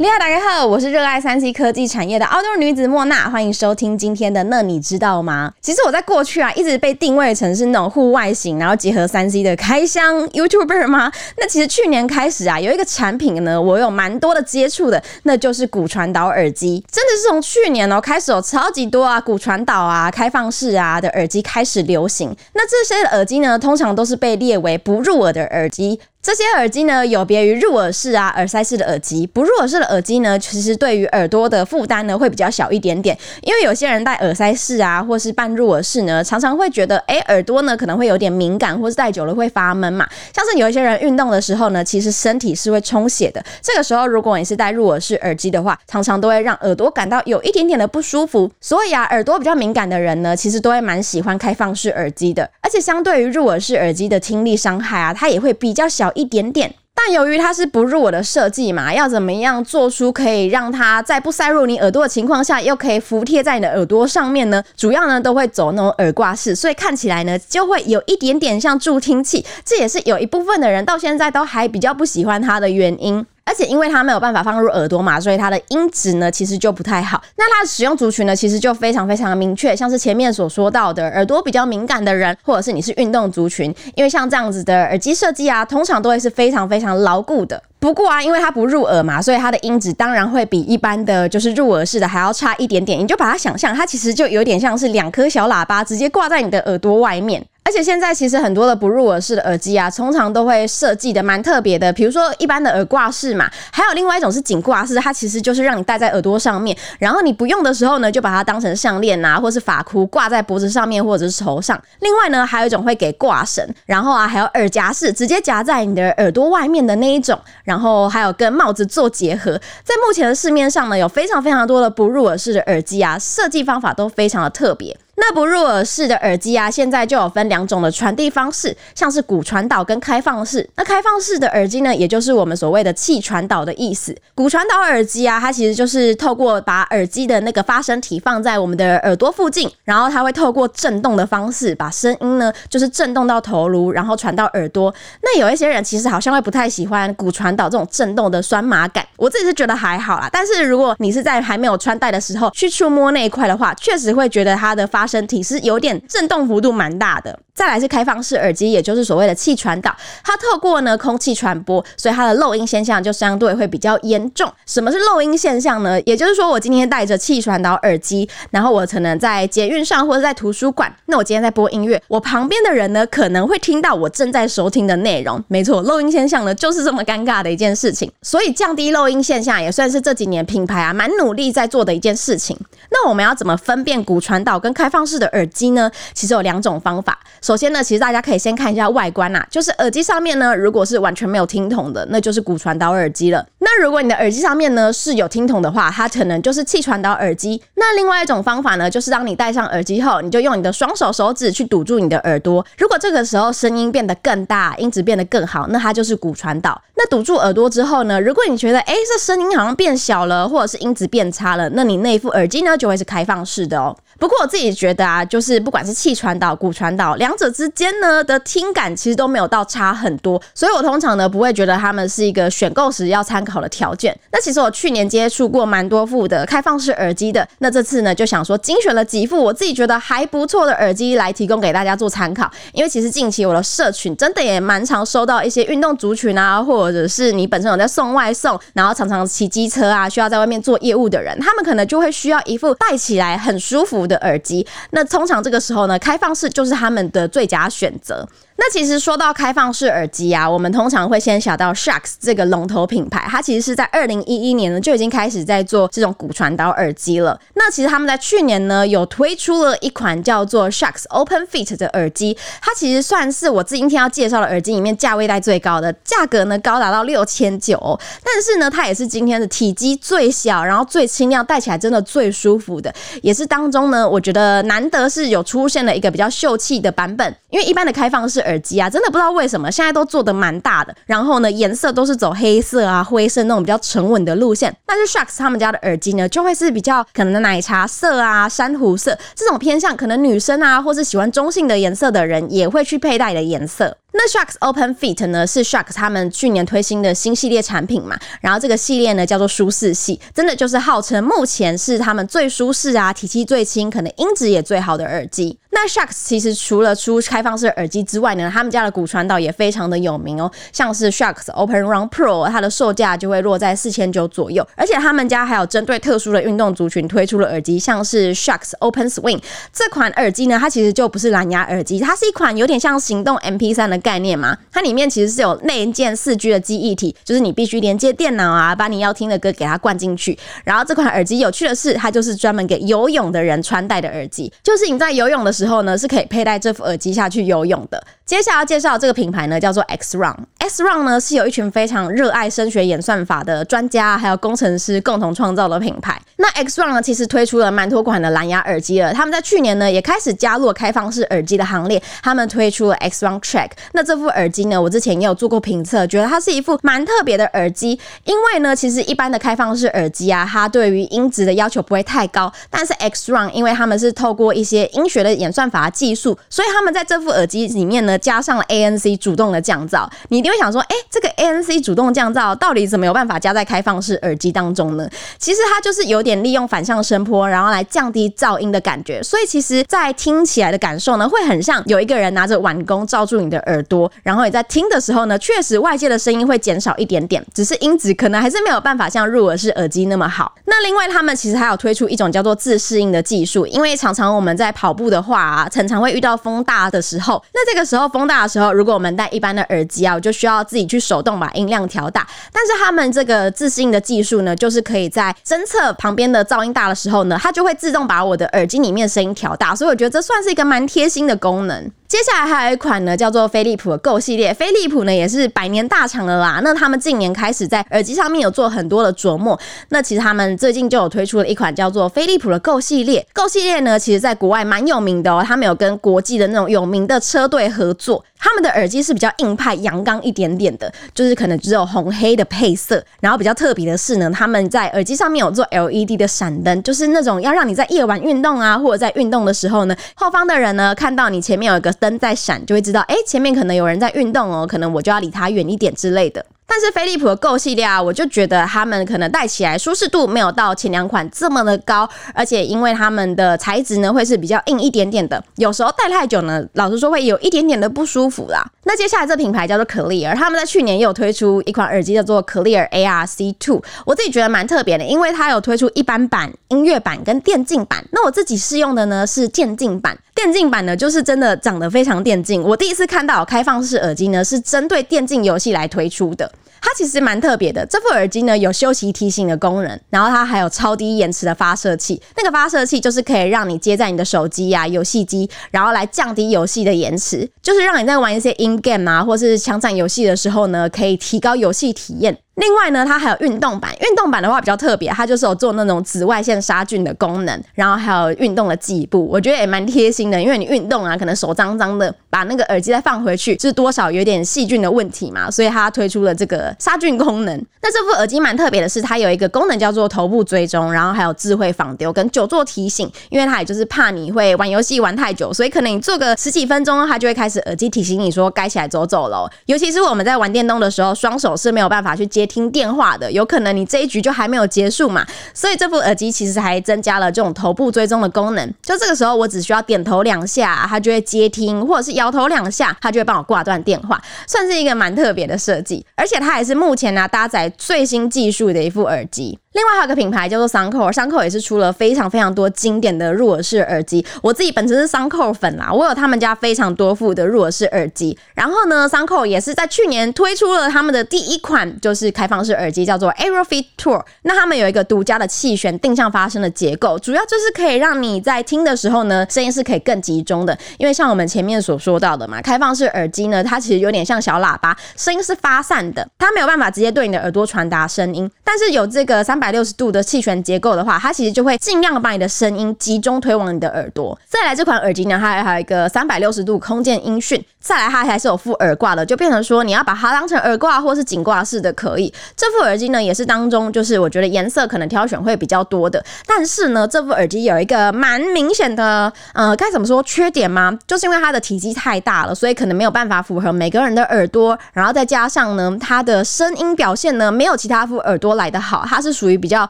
你好，大家好，我是熱愛三 C 科技產業的澳洲女子莫娜，歡迎收聽今天的那你知道嗎？其實我在過去啊，一直被定位成是那種戶外型，然後結合三 C 的開箱 YouTuber 嗎？那其實去年開始啊，有一個產品呢，我有蠻多的接觸的，那就是骨傳導耳機，真的是從去年哦、喔、開始有超級多啊骨傳導啊、開放式啊的耳機開始流行。那這些耳機呢，通常都是被列為不入耳的耳機。這些耳機呢，有別於入耳式啊、耳塞式的耳機，不入耳式的耳機呢，其實對於耳朵的負擔呢會比較小一點點。因為有些人戴耳塞式啊，或是半入耳式呢，常常會覺得，誒，耳朵呢可能會有點敏感，或是戴久了會發悶嘛。像是有一些人運動的時候呢，其實身體是會充血的，這個時候如果你是戴入耳式耳機的話，常常都會讓耳朵感到有一點點的不舒服。所以啊，耳朵比較敏感的人呢，其實都會蠻喜歡開放式耳機的，而且相對於入耳式耳機的聽力傷害啊，它也會比較小一點點，但由於它是不入耳的設計嘛，要怎麼樣做出可以讓它在不塞入你耳朵的情況下，又可以服帖在你的耳朵上面呢？主要呢都會走那種耳掛式，所以看起來呢就會有一點點像助聽器，這也是有一部分的人到現在都還比較不喜歡它的原因。而且因為它沒有辦法放入耳朵嘛，所以它的音質呢其實就不太好。那它的使用族群呢其實就非常非常明確，像是前面所說到的耳朵比較敏感的人，或者是你是運動族群，因為像這樣子的耳機設計啊，通常都會是非常非常牢固的。不過啊，因為它不入耳嘛，所以它的音質當然會比一般的就是入耳式的還要差一點點。你就把它想象，它其實就有點像是兩顆小喇叭直接掛在你的耳朵外面。而且現在其實很多的不入耳式的耳機啊，通常都會設計的蠻特別的。比如說一般的耳掛式嘛，還有另外一種是頸掛式，它其實就是讓你戴在耳朵上面，然後你不用的時候呢，就把它當成項鏈啊，或是髮箍掛在脖子上面或者是頭上。另外呢，還有一種會給掛繩，然後啊，還有耳夾式，直接夾在你的耳朵外面的那一種，然後還有跟帽子做結合。在目前的市面上呢，有非常非常多的不入耳式的耳機啊，設計方法都非常的特別。那不入耳式的耳機啊，現在就有分兩種的傳遞方式，像是骨傳導跟開放式。那開放式的耳機呢，也就是我們所謂的氣傳導的意思。骨傳導耳機啊，它其實就是透過把耳機的那個發聲體放在我們的耳朵附近，然後它會透過震動的方式把聲音呢，就是震動到頭顱，然後傳到耳朵。那有一些人其實好像會不太喜歡骨傳導這種震動的酸麻感，我自己是覺得還好啦。但是如果你是在還沒有穿戴的時候去觸摸那一塊的話，確實會覺得它的發身體是有點震動，幅度蠻大的，再來是開放式耳機，也就是所謂的氣傳導，它透過呢空氣傳播，所以它的漏音現象就相對會比較嚴重。什麼是漏音現象呢？也就是說，我今天戴着氣傳導耳機，然後我可能在捷運上或者在圖書館，那我今天在播音樂，我旁邊的人呢可能會聽到我正在收聽的內容。沒錯，漏音現象呢就是這麼尷尬的一件事情。所以降低漏音現象也算是這幾年品牌啊蠻努力在做的一件事情。那我們要怎麼分辨骨傳導跟開放？方式的耳機呢，其實有兩種方法。首先呢，其實大家可以先看一下外觀啦、啊，就是耳機上面呢，如果是完全沒有聽筒的，那就是骨傳導耳機了。那如果你的耳機上面呢是有聽筒的話，它可能就是氣傳導耳機。那另外一種方法呢，就是當你戴上耳機後，你就用你的雙手手指去堵住你的耳朵。如果這個時候聲音變得更大，音質變得更好，那它就是骨傳導。那堵住耳朵之後呢，如果你覺得哎、欸，這聲音好像變小了，或者是音質變差了，那你那一副耳機呢就會是開放式的哦、喔。不過我自己覺得啊，就是不管是氣傳導、骨傳導，兩者之間呢的聽感其實都沒有到差很多，所以我通常呢不會覺得它們是一個選購時要參考的條件。那其實我去年接觸過蠻多副的開放式耳機的，那這次呢就想說精選了幾副我自己覺得還不錯的耳機來提供給大家做參考。因為其實近期我的社群真的也蠻常收到一些運動族群啊，或者是你本身有在送外送，然後常常騎機車啊，需要在外面做業務的人，他們可能就會需要一副戴起來很舒服。的耳機，那通常這個時候呢，開放式就是他們的最佳選擇。那其實說到開放式耳機啊，我們通常會先想到 Shokz 這個龍頭品牌，它其實是在二零一一年呢就已經開始在做這種骨傳導耳機了。那其實他們在去年呢有推出了一款叫做 Shokz OpenFit 的耳機，它其實算是我今天要介紹的耳機裡面價位帶最高的，價格呢高達到六千九，但是呢它也是今天的體積最小，然後最輕量，戴起來真的最舒服的，也是當中呢我覺得難得是有出現了一個比較秀氣的版本，因為一般的開放式耳機耳機啊，真的不知道為什麼現在都做的蠻大的，然後呢，顏色都是走黑色啊、灰色那種比較沉穩的路線。但是 Shokz 他們家的耳機呢，就會是比較可能的奶茶色啊、珊瑚色這種偏向可能女生啊，或是喜歡中性的顏色的人也會去佩戴的顏色。那 Shokz Open Fit 呢，是 Shokz 他們去年推新的新系列產品嘛，然後這個系列呢，叫做舒適系，真的就是號稱目前是他們最舒適啊，體積最輕，可能音質也最好的耳機。那 Shokz 其實除了出開放式耳機之外呢，他們家的骨傳導也非常的有名哦。像是 Shokz Open Run Pro，它的售價就會落在四千九左右。而且他們家還有針對特殊的運動族群推出的耳機，像是 Shokz Open Swim 這款耳機呢，它其實就不是藍牙耳機，它是一款有點像行動 MP3 的。概念嘛，它裡面其實是有內建四 G 的記憶體，就是你必須連接電腦啊，把你要聽的歌給它灌進去。然後這款耳機有趣的是，它就是專門給游泳的人穿戴的耳機，就是你在游泳的時候呢，是可以佩戴這副耳機下去游泳的。接下來要介紹這個品牌呢，叫做 XROUND。XROUND 呢是有一群非常熱愛聲學演算法的專家，還有工程師共同創造的品牌。那 XROUND 呢其實推出了蠻多款的藍牙耳機了。他們在去年呢也開始加入了開放式耳機的行列，他們推出了 XROUND Track。那這副耳機呢，我之前也有做過評測，覺得它是一副蠻特別的耳機。因為呢，其實一般的開放式耳機啊，它對於音質的要求不會太高，但是 XROUND 因為他們是透過一些音學的演算法技術，所以他們在這副耳機裡面呢。加上了 ANC 主動的降噪，你一定會想說，哎、欸，這個 ANC 主動降噪到底怎麼有辦法加在開放式耳機當中呢？其實它就是有點利用反向聲波，然後來降低噪音的感覺。所以其實，在聽起來的感受呢，會很像有一個人拿着碗公罩住你的耳朵，然後你在聽的時候呢，確實外界的聲音會減少一點點，只是音質可能還是沒有辦法像入耳式耳機那麼好。那另外，他們其實還有推出一種叫做自適應的技術，因為常常我們在跑步的話，啊，常常會遇到風大的時候，那這個時候。風大的時候，如果我們戴一般的耳機啊，我就需要自己去手動把音量調大。但是他們這個自適應的技術呢，就是可以在偵測旁邊的噪音大的時候呢，它就會自動把我的耳機裡面聲音調大。所以我覺得這算是一個蠻貼心的功能。接下來還有一款呢，叫做飛利浦的 Go 系列。飛利浦呢也是百年大廠了啦，那他們近年開始在耳機上面有做很多的琢磨。那其實他們最近就有推出了一款叫做飛利浦的 Go 系列。Go 系列呢，其實在國外蠻有名的哦，他們有跟國際的那種有名的車隊合作。他們的耳機是比較硬派、陽剛一點點的，就是可能只有紅黑的配色。然後比較特別的是呢，他們在耳機上面有做 LED 的閃燈，就是那種要讓你在夜晚運動啊，或者在運動的時候呢，後方的人呢看到你前面有一個燈在閃，就會知道誒、欸，前面可能有人在運動哦，可能我就要離他遠一點之類的。但是飛利浦的 Go 系列啊，我就覺得他們可能戴起來舒適度沒有到前兩款這麼的高，而且因為他們的材質呢會是比較硬一點點的，有時候戴太久呢，老實說會有一點點的不舒服啦。那接下來這品牌叫做 Clear，他們在去年也有推出一款耳機叫做 Clear ARC Two，我自己覺得蠻特別的，因為它有推出一般版、音樂版跟電競版。那我自己試用的呢是電競版，電競版呢就是真的長得非常電競。我第一次看到開放式耳機呢是針對電競遊戲來推出的。它其實蠻特別的，這副耳機呢有休息提醒的功能，然後它還有超低延遲的發射器。那個發射器就是可以讓你接在你的手機呀、啊、遊戲機，然後來降低遊戲的延遲，就是讓你在玩一些 in game 啊，或者是槍戰遊戲的時候呢，可以提高遊戲體驗。另外呢，它還有運動版，運動版的話比較特別，它就是有做那種紫外線殺菌的功能，然後還有運動的計步，我覺得也蠻貼心的，因為你運動啊，可能手髒髒的，把那個耳機再放回去，是多少有點細菌的問題嘛，所以它推出了這個殺菌功能。那這副耳機蠻特別的是，它有一個功能叫做頭部追蹤，然後還有智慧防丟跟久坐提醒，因為它也就是怕你會玩遊戲玩太久，所以可能你坐個十幾分鐘，它就會開始耳機提醒你說該起來走走咯尤其是我們在玩電動的時候，雙手是沒有辦法去接。聽電話的，有可能你這一局就還沒有結束嘛，所以這副耳機其實還增加了這種頭部追蹤的功能。就這個時候，我只需要點頭兩下，它就會接聽；或者是搖頭兩下，它就會幫我掛斷電話，算是一個蠻特別的設計。而且它也是目前呢，啊，搭載最新技術的一副耳機。另外還有一個品牌叫做 Soundcore，Soundcore 也是出了非常非常多經典的入耳式耳機。我自己本身是 Soundcore 粉啦，我有他們家非常多副的入耳式耳機。然後呢，Soundcore 也是在去年推出了他們的第一款就是開放式耳機，叫做 AeroFit Tour。那他們有一個獨家的氣旋定向發聲的結構，主要就是可以讓你在聽的時候呢，聲音是可以更集中的。因為像我們前面所說到的嘛，開放式耳機呢，它其實有點像小喇叭，聲音是發散的，它沒有辦法直接對你的耳朵傳達聲音。但是有這個三三百六十度的氣旋結構的話，它其實就會盡量把你的聲音集中推往你的耳朵。再來，這款耳機呢，它還有一個三百六十度空間音訊。再來，它還是有附耳掛的，就變成說你要把它當成耳掛或是頸掛式的可以。這副耳機呢，也是當中就是我覺得顏色可能挑選會比較多的。但是呢，這副耳機有一個蠻明顯的，呃，該怎麼說，缺點嗎？就是因為它的體積太大了，所以可能沒有辦法符合每個人的耳朵。然後再加上呢，它的聲音表現呢，沒有其他副耳朵來得好，它是屬於比較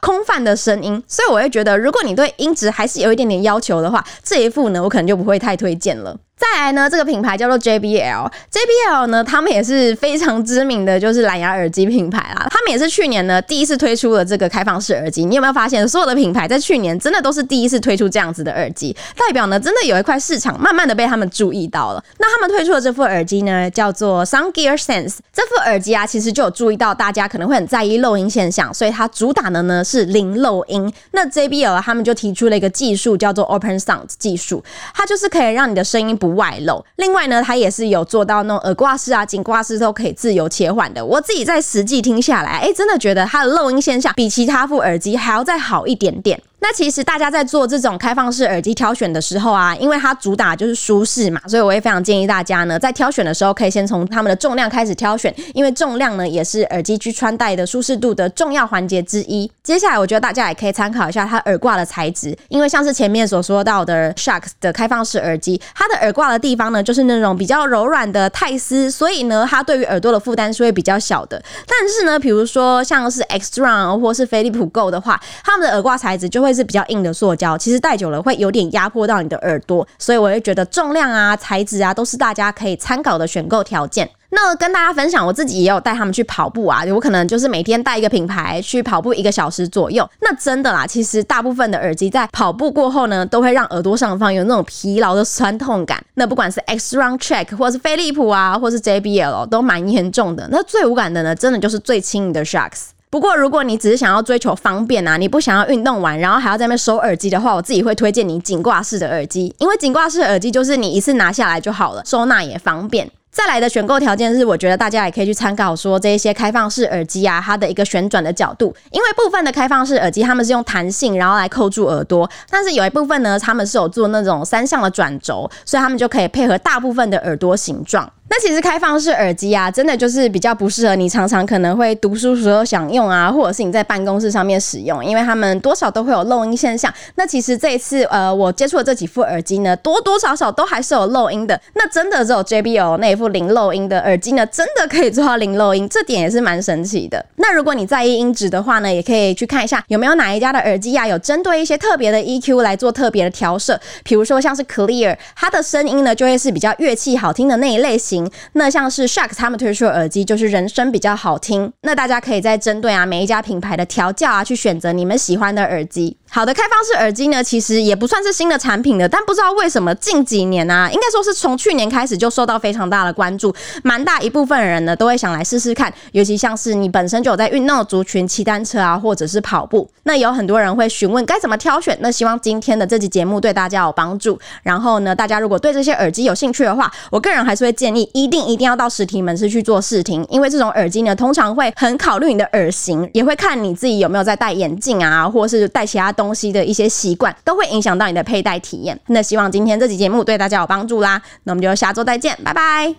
空泛的聲音。所以我會覺得，如果你對音質還是有一點點要求的話，這一副呢，我可能就不會太推薦了。再來呢，這個品牌叫做 JBL，JBL 呢，他們也是非常知名的就是藍牙耳機品牌啦。他們也是去年呢第一次推出了這個開放式耳機。你有沒有發現，所有的品牌在去年真的都是第一次推出這樣子的耳機？代表呢，真的有一塊市場慢慢的被他們注意到了。那他們推出的這副耳機呢，叫做 Sound Gear Sense。這副耳機啊，其實就有注意到大家可能會很在意漏音現象，所以它主打的呢是零漏音。那 JBL 他們就提出了一個技術叫做 Open Sound 技術，它就是可以讓你的聲音不外漏，另外呢，它也是有做到那種耳掛式啊、頸掛式都可以自由切換的。我自己在實際聽下來，哎、欸，真的覺得它的漏音現象比其他副耳機還要再好一點點。那其實大家在做這種開放式耳機挑選的時候啊，因為它主打就是舒適嘛，所以我也非常建議大家呢，在挑選的時候可以先從它們的重量開始挑選，因為重量呢也是耳機去穿戴的舒適度的重要環節之一。接下來我覺得大家也可以參考一下它耳掛的材質，因為像是前面所說到的 Shokz 的開放式耳機，它的耳掛的地方呢就是那種比較柔軟的鈦絲，所以呢它對於耳朵的負擔是會比較小的。但是呢，比如說像是 XROUND 或是飛利浦 Go 的話，它們的耳掛材質就會。會是比較硬的塑膠，其實戴久了會有點壓迫到你的耳朵，所以我會覺得重量啊、材質啊都是大家可以參考的選購條件。那跟大家分享，我自己也有帶他們去跑步啊，我可能就是每天帶一個品牌去跑步一個小時左右。那真的啦，其實大部分的耳機在跑步過後呢，都會讓耳朵上方有那種疲勞的酸痛感。那不管是 XROUND Track 或是飛利浦啊，或是 JBL 都蠻嚴重的。那最無感的呢，真的就是最輕盈的 Shokz。不過，如果你只是想要追求方便啊，你不想要運動完然後還要在那邊收耳機的話，我自己會推薦你頸掛式的耳機，因為頸掛式耳機就是你一次拿下來就好了，收納也方便。再來的選購條件是，我覺得大家也可以去參考說，這一些開放式耳機啊，它的一個旋轉的角度，因為部分的開放式耳機它們是用彈性然後來扣住耳朵，但是有一部分呢，它們是有做那種三向的轉軸，所以它們就可以配合大部分的耳朵形狀。那其實開放式耳機啊，真的就是比較不適合你常常可能會讀書時候想用啊，或者是你在辦公室上面使用，因為他們多少都會有漏音現象。那其實這一次呃，我接觸的這幾副耳機呢，多多少少都還是有漏音的。那真的只有 JBL 那一副零漏音的耳機呢，真的可以做到零漏音，這點也是蠻神奇的。那如果你在意音質的話呢，也可以去看一下有沒有哪一家的耳機呀、啊，有針對一些特別的 EQ 來做特別的調色，比如說像是 Clear，它的聲音呢就會是比較樂器好聽的那一類型。那像是 Shark 他們推出的耳機，就是人聲比較好聽。那大家可以再針對啊每一家品牌的調教啊，去選擇你們喜歡的耳機。好的，開放式耳機呢，其實也不算是新的產品了，但不知道為什麼近幾年啊，應該說是從去年開始就受到非常大的關注，蠻大一部分的人呢都會想來試試看，尤其像是你本身就有在運動族群，騎單車啊或者是跑步，那有很多人會詢問該怎麼挑選，那希望今天的這集節目對大家有幫助。然後呢，大家如果對這些耳機有興趣的話，我個人還是會建議，一定一定要到實體門市去做試聽，因為這種耳機呢，通常會很考慮你的耳型，也會看你自己有沒有在戴眼鏡啊，或是戴其他。東西的一些習慣都會影響到你的佩戴體驗。那希望今天這集節目對大家有幫助啦。那我們就下週再見，拜拜。